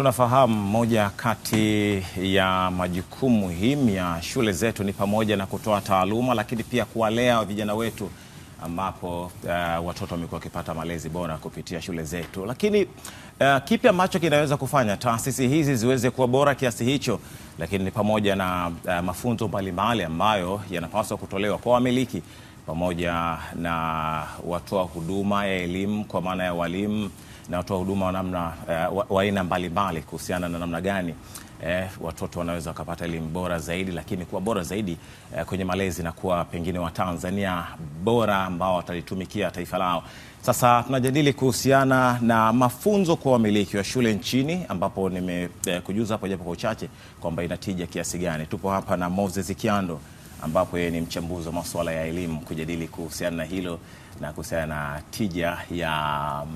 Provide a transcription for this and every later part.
Tunafahamu moja kati ya majukumu muhimu ya shule zetu ni pamoja na kutoa taaluma, lakini pia kuwalea vijana wetu, ambapo uh, watoto wamekuwa wakipata malezi bora kupitia shule zetu. Lakini uh, kipi ambacho kinaweza kufanya taasisi hizi ziweze kuwa bora kiasi hicho? Lakini ni pamoja na uh, mafunzo mbalimbali ambayo yanapaswa kutolewa kwa wamiliki pamoja na watoa huduma ya elimu kwa maana ya walimu na watoa huduma wa namna uh, wa aina mbalimbali kuhusiana na namna gani eh, watoto wanaweza wakapata elimu bora zaidi, lakini kuwa bora zaidi eh, kwenye malezi na kuwa pengine Watanzania bora ambao watalitumikia taifa lao. Sasa tunajadili kuhusiana na mafunzo kwa wamiliki wa shule nchini, ambapo nimekujuza eh, hapo japo kwa uchache kwamba inatija kiasi gani. Tupo hapa na Moses Kiando ambapo yeye ni mchambuzi wa masuala ya elimu kujadili kuhusiana na hilo na kuhusiana na tija ya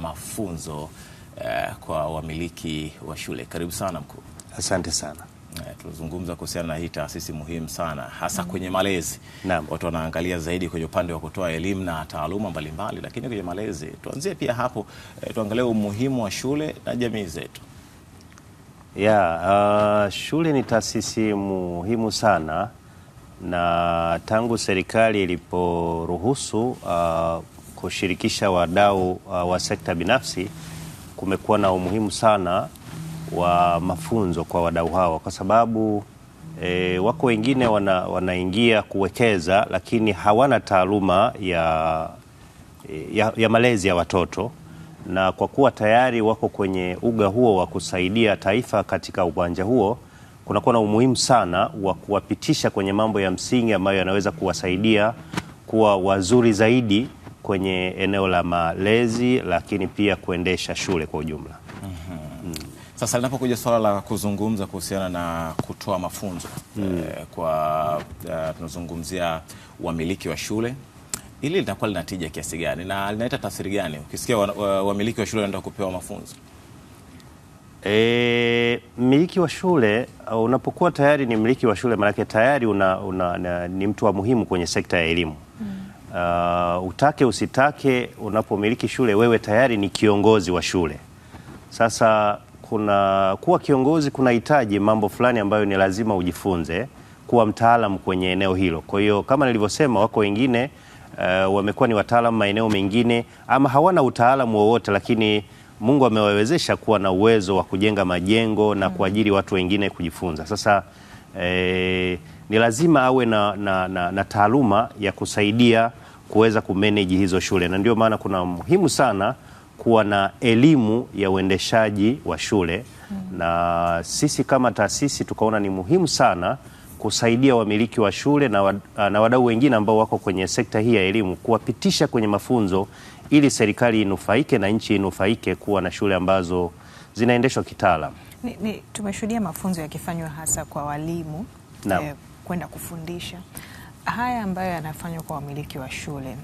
mafunzo eh, kwa wamiliki wa shule. Karibu sana mkuu. Asante sana. Eh, tulizungumza kuhusiana na hii taasisi muhimu sana hasa mm kwenye malezi Naam. Watu wanaangalia zaidi kwenye upande wa kutoa elimu na taaluma mbalimbali, lakini kwenye malezi tuanzie pia hapo eh, tuangalie umuhimu wa shule na jamii zetu. Yeah, uh, shule ni taasisi muhimu sana na tangu serikali iliporuhusu uh, kushirikisha wadau uh, wa sekta binafsi, kumekuwa na umuhimu sana wa mafunzo kwa wadau hawa, kwa sababu e, wako wengine wana, wanaingia kuwekeza lakini hawana taaluma ya, ya, ya malezi ya watoto, na kwa kuwa tayari wako kwenye uga huo wa kusaidia taifa katika uwanja huo kunakuwa na umuhimu sana wa kuwapitisha kwenye mambo ya msingi ambayo yanaweza kuwasaidia kuwa wazuri zaidi kwenye eneo la malezi, lakini pia kuendesha shule kwa ujumla. Mm-hmm. Mm. Sasa linapokuja swala la kuzungumza kuhusiana na kutoa mafunzo mm. eh, kwa uh, tunazungumzia wamiliki wa shule, hili litakuwa lina tija kiasi gani na linaleta tafsiri gani ukisikia wamiliki wa shule wanaenda kupewa mafunzo? E, mmiliki wa shule unapokuwa tayari ni mmiliki wa shule maanake tayari una, una, una, ni mtu wa muhimu kwenye sekta ya elimu mm. Uh, utake usitake, unapomiliki shule wewe tayari ni kiongozi wa shule. Sasa kuna kuwa kiongozi kunahitaji mambo fulani ambayo ni lazima ujifunze kuwa mtaalam kwenye eneo hilo. Kwa hiyo kama nilivyosema, wako wengine uh, wamekuwa ni wataalamu maeneo mengine ama hawana utaalamu wowote lakini Mungu amewawezesha kuwa na uwezo wa kujenga majengo na kuajiri watu wengine kujifunza. Sasa e, ni lazima awe na, na, na, na taaluma ya kusaidia kuweza kumanage hizo shule, na ndio maana kuna muhimu sana kuwa na elimu ya uendeshaji wa shule mm. Na sisi kama taasisi tukaona ni muhimu sana kusaidia wamiliki wa shule na, na wadau wengine ambao wako kwenye sekta hii ya elimu kuwapitisha kwenye mafunzo ili serikali inufaike na nchi inufaike kuwa na shule ambazo zinaendeshwa kitaalamu. Tumeshuhudia mafunzo yakifanywa hasa kwa walimu eh, kwenda kufundisha. Haya ambayo yanafanywa kwa wamiliki wa shule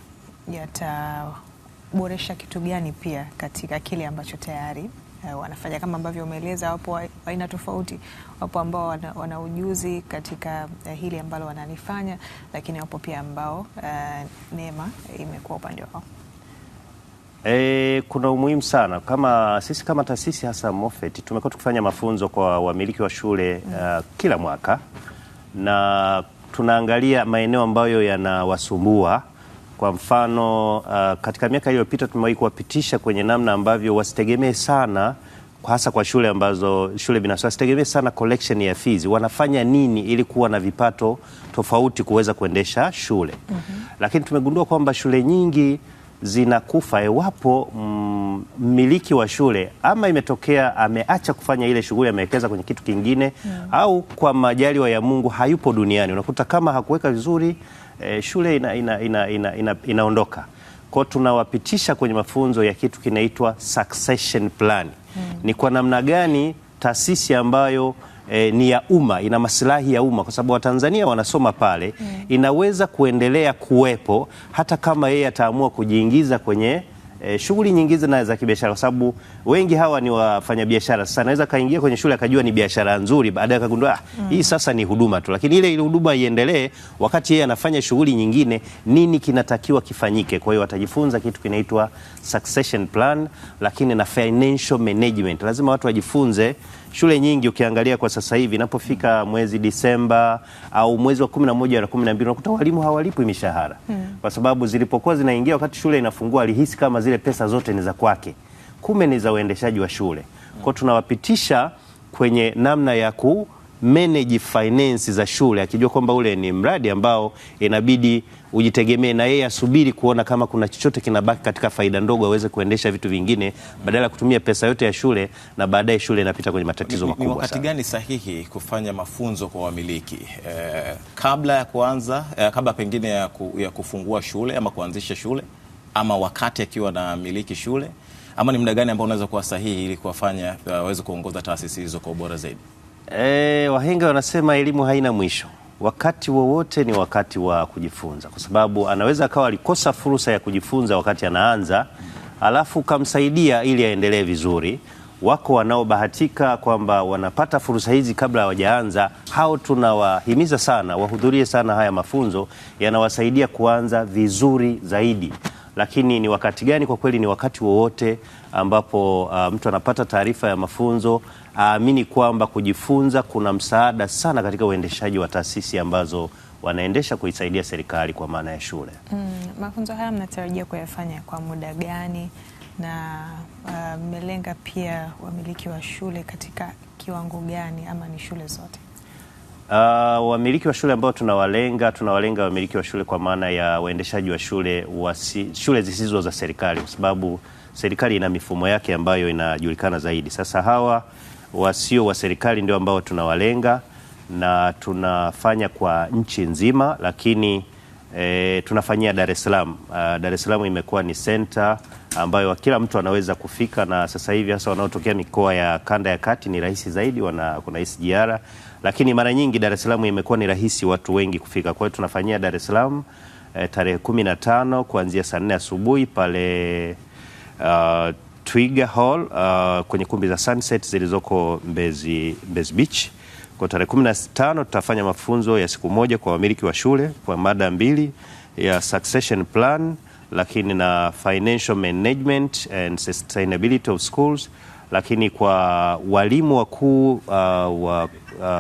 yataboresha kitu gani pia katika kile ambacho tayari eh, wanafanya? Kama ambavyo umeeleza, wapo aina tofauti, wapo ambao wana, wana ujuzi katika eh, hili ambalo wanalifanya, lakini wapo pia ambao eh, neema imekuwa upande wao. E, kuna umuhimu sana kama sisi kama taasisi hasa Mofet tumekuwa tukifanya mafunzo kwa wamiliki wa shule uh, kila mwaka na tunaangalia maeneo ambayo yanawasumbua. Kwa mfano uh, katika miaka iliyopita tumewahi kuwapitisha kwenye namna ambavyo wasitegemee sana hasa kwa shule ambazo shule binafsi wasitegemee sana collection ya fees. Wanafanya nini ili kuwa na vipato tofauti kuweza kuendesha shule? mm -hmm. Lakini tumegundua kwamba shule nyingi zinakufa iwapo mmiliki wa shule ama imetokea ameacha kufanya ile shughuli, amewekeza kwenye kitu kingine yeah. Hmm. au kwa majaliwa ya Mungu hayupo duniani, unakuta kama hakuweka vizuri eh, shule ina, ina, ina, ina, ina, inaondoka kwao. Tunawapitisha kwenye mafunzo ya kitu kinaitwa succession plan mm. ni kwa namna gani taasisi ambayo e, ni ya umma, ina maslahi ya umma kwa sababu Watanzania wanasoma pale mm. Inaweza kuendelea kuwepo hata kama yeye ataamua kujiingiza kwenye E, shughuli nyingine na za kibiashara, kwa sababu wengi hawa ni wafanyabiashara. Sasa anaweza kaingia kwenye shule akajua ni biashara nzuri, baadaye akagundua ah, mm. hii sasa ni huduma tu, lakini ile ile huduma iendelee wakati yeye anafanya shughuli nyingine. Nini kinatakiwa kifanyike? Kwa hiyo watajifunza kitu kinaitwa succession plan, lakini na financial management. Lazima watu wajifunze shule nyingi ukiangalia kwa sasa hivi inapofika mwezi Disemba au mwezi wa 11 na 12 unakuta walimu hawalipwi mishahara mm. kwa sababu zilipokuwa zinaingia wakati shule inafungua alihisi kama zile pesa zote ni za kwake, kumbe ni za uendeshaji wa shule. Kwa tunawapitisha kwenye namna ya ku manage finance za shule, akijua kwamba ule ni mradi ambao inabidi ujitegemee, na yeye asubiri kuona kama kuna chochote kinabaki katika faida ndogo, aweze kuendesha vitu vingine badala ya kutumia pesa yote ya shule, na baadaye shule inapita kwenye matatizo makubwa. Ni wakati gani sahihi kufanya mafunzo kwa wamiliki e, kabla ya kuanza e, kabla pengine ya, ku, ya kufungua shule ama kuanzisha shule ama wakati akiwa na miliki shule ama ni muda gani ambao unaweza kuwa sahihi ili kuwafanya eh, waweze kuongoza taasisi hizo kwa ubora zaidi? E, wahenga wanasema elimu haina mwisho. Wakati wowote ni wakati wa kujifunza, kwa sababu anaweza akawa alikosa fursa ya kujifunza wakati anaanza, alafu kamsaidia ili aendelee vizuri. Wako wanaobahatika kwamba wanapata fursa hizi kabla hawajaanza, hao tunawahimiza sana wahudhurie sana haya mafunzo, yanawasaidia kuanza vizuri zaidi. Lakini ni wakati gani? Kwa kweli ni wakati wowote ambapo uh, mtu anapata taarifa ya mafunzo aamini kwamba kujifunza kuna msaada sana katika uendeshaji wa taasisi ambazo wanaendesha kuisaidia serikali kwa maana ya shule. Mm, mafunzo haya mnatarajia kuyafanya kwa muda gani? na uh, mmelenga uh, pia wamiliki wa shule katika kiwango gani ama ni shule zote? Uh, wamiliki wa shule ambao tunawalenga tunawalenga wamiliki wa shule kwa maana ya waendeshaji wa shule wasi, shule zisizo za serikali, kwa sababu serikali ina mifumo yake ambayo inajulikana zaidi. Sasa hawa wasio wa serikali ndio ambao tunawalenga na tunafanya kwa nchi nzima, lakini e, tunafanyia Dar es Salaam. Uh, Dar es Salaam imekuwa ni senta ambayo kila mtu anaweza kufika, na sasa hivi hasa wanaotokea mikoa ya kanda ya kati ni rahisi zaidi, wana kuna SGR, lakini mara nyingi Dar es Salaam imekuwa ni rahisi watu wengi kufika. Kwa hiyo tunafanyia Dar es Salaam e, tarehe 15 kuanzia saa 4 asubuhi pale uh, Twiga Hall uh, kwenye kumbi za Sunset zilizoko Mbezi, Mbezi Beach. Kwa tarehe 15 tutafanya mafunzo ya siku moja kwa wamiliki wa shule kwa mada mbili ya succession plan, lakini na financial management and sustainability of schools, lakini kwa walimu wakuu uh, wa,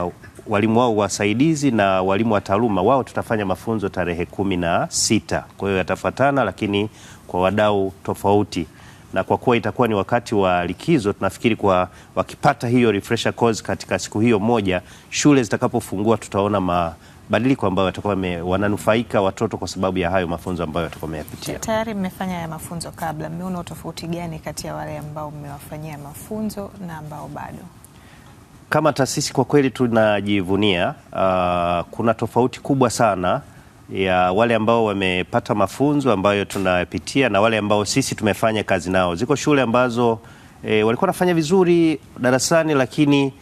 uh, walimu wao wasaidizi na walimu wa taaluma wao tutafanya mafunzo tarehe kumi na sita. Kwa hiyo yatafuatana, lakini kwa wadau tofauti na kwa kuwa itakuwa ni wakati wa likizo, tunafikiri kwa wakipata hiyo refresher course katika siku hiyo moja, shule zitakapofungua tutaona ma badiliko ambayo watakuwa wananufaika watoto kwa sababu ya hayo mafunzo ambayo watakuwa wameyapitia. Tayari mmefanya ya mafunzo kabla, mmeona utofauti gani kati ya wale ambao mmewafanyia mafunzo na ambao bado? Kama taasisi kwa kweli tunajivunia, uh, kuna tofauti kubwa sana ya wale ambao wamepata mafunzo ambayo tunapitia na wale ambao sisi tumefanya kazi nao. Ziko shule ambazo e, walikuwa wanafanya vizuri darasani lakini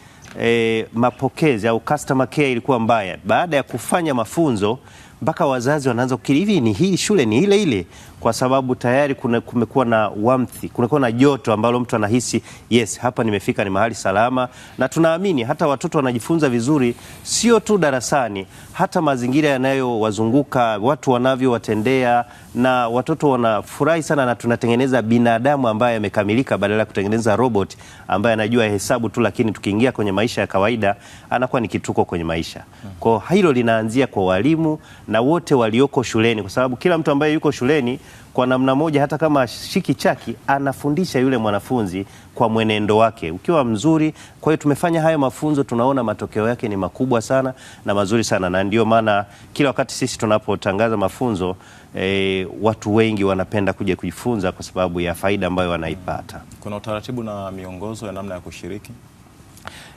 e, mapokezi au customer care ilikuwa mbaya. Baada ya kufanya mafunzo mpaka wazazi wanaanza kukiri hivi, ni hii shule ni ile ile, kwa sababu tayari kuna, kumekuwa na wamthi, kumekuwa na joto ambalo mtu anahisi yes, hapa nimefika, ni mahali salama, na tunaamini hata watoto wanajifunza vizuri, sio tu darasani, hata mazingira yanayowazunguka, watu wanavyowatendea, na watoto wanafurahi sana, na tunatengeneza binadamu ambaye amekamilika badala ya kutengeneza robot ambaye anajua hesabu tu, lakini tukiingia kwenye maisha ya kawaida anakuwa ni kituko kwenye maisha. Kwa hilo linaanzia kwa walimu na wote walioko shuleni, kwa sababu kila mtu ambaye yuko shuleni kwa namna moja, hata kama shiki chaki, anafundisha yule mwanafunzi kwa mwenendo wake ukiwa mzuri. Kwa hiyo tumefanya hayo mafunzo, tunaona matokeo yake ni makubwa sana na mazuri sana, na ndio maana kila wakati sisi tunapotangaza mafunzo e, watu wengi wanapenda kuja kujifunza kwa sababu ya faida ambayo wanaipata. Kuna utaratibu na miongozo ya namna ya kushiriki.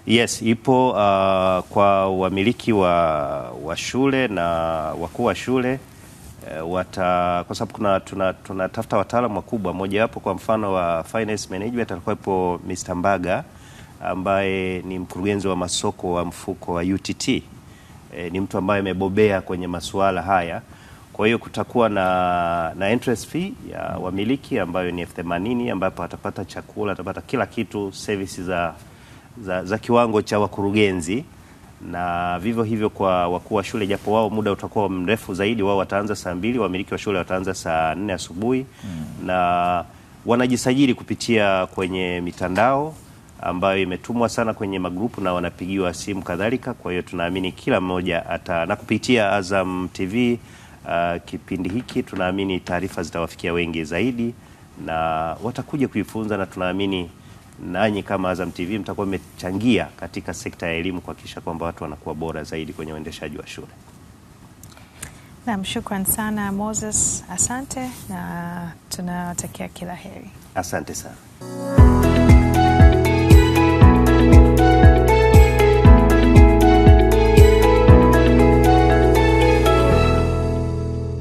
Yes, ipo uh, kwa wamiliki wa, wa shule na wakuu wa shule uh, wata, kwa sababu tunatafuta tuna, wataalamu wakubwa. Mojawapo kwa mfano wa finance management alikuwepo Mr. Mbaga ambaye ni mkurugenzi wa masoko wa mfuko wa UTT. E, eh, ni mtu ambaye amebobea kwenye masuala haya. Kwa hiyo kutakuwa na, na interest fee ya wamiliki ambayo ni elfu themanini ambapo atapata chakula, atapata kila kitu, services za za, za kiwango cha wakurugenzi na vivyo hivyo kwa wakuu wa shule, japo wao muda utakuwa mrefu zaidi. Wao wataanza saa mbili, wamiliki wa shule wataanza saa nne asubuhi mm. na wanajisajili kupitia kwenye mitandao ambayo imetumwa sana kwenye magrupu na wanapigiwa simu kadhalika. Kwa hiyo tunaamini kila mmoja ata na kupitia Azam TV uh, kipindi hiki tunaamini taarifa zitawafikia wengi zaidi na watakuja kujifunza na tunaamini nanyi kama Azam TV mtakuwa mmechangia katika sekta ya elimu kuhakikisha kwamba watu wanakuwa bora zaidi kwenye uendeshaji wa shule. Naam, shukran sana Moses, asante na tunawatakia kila heri. Asante sana.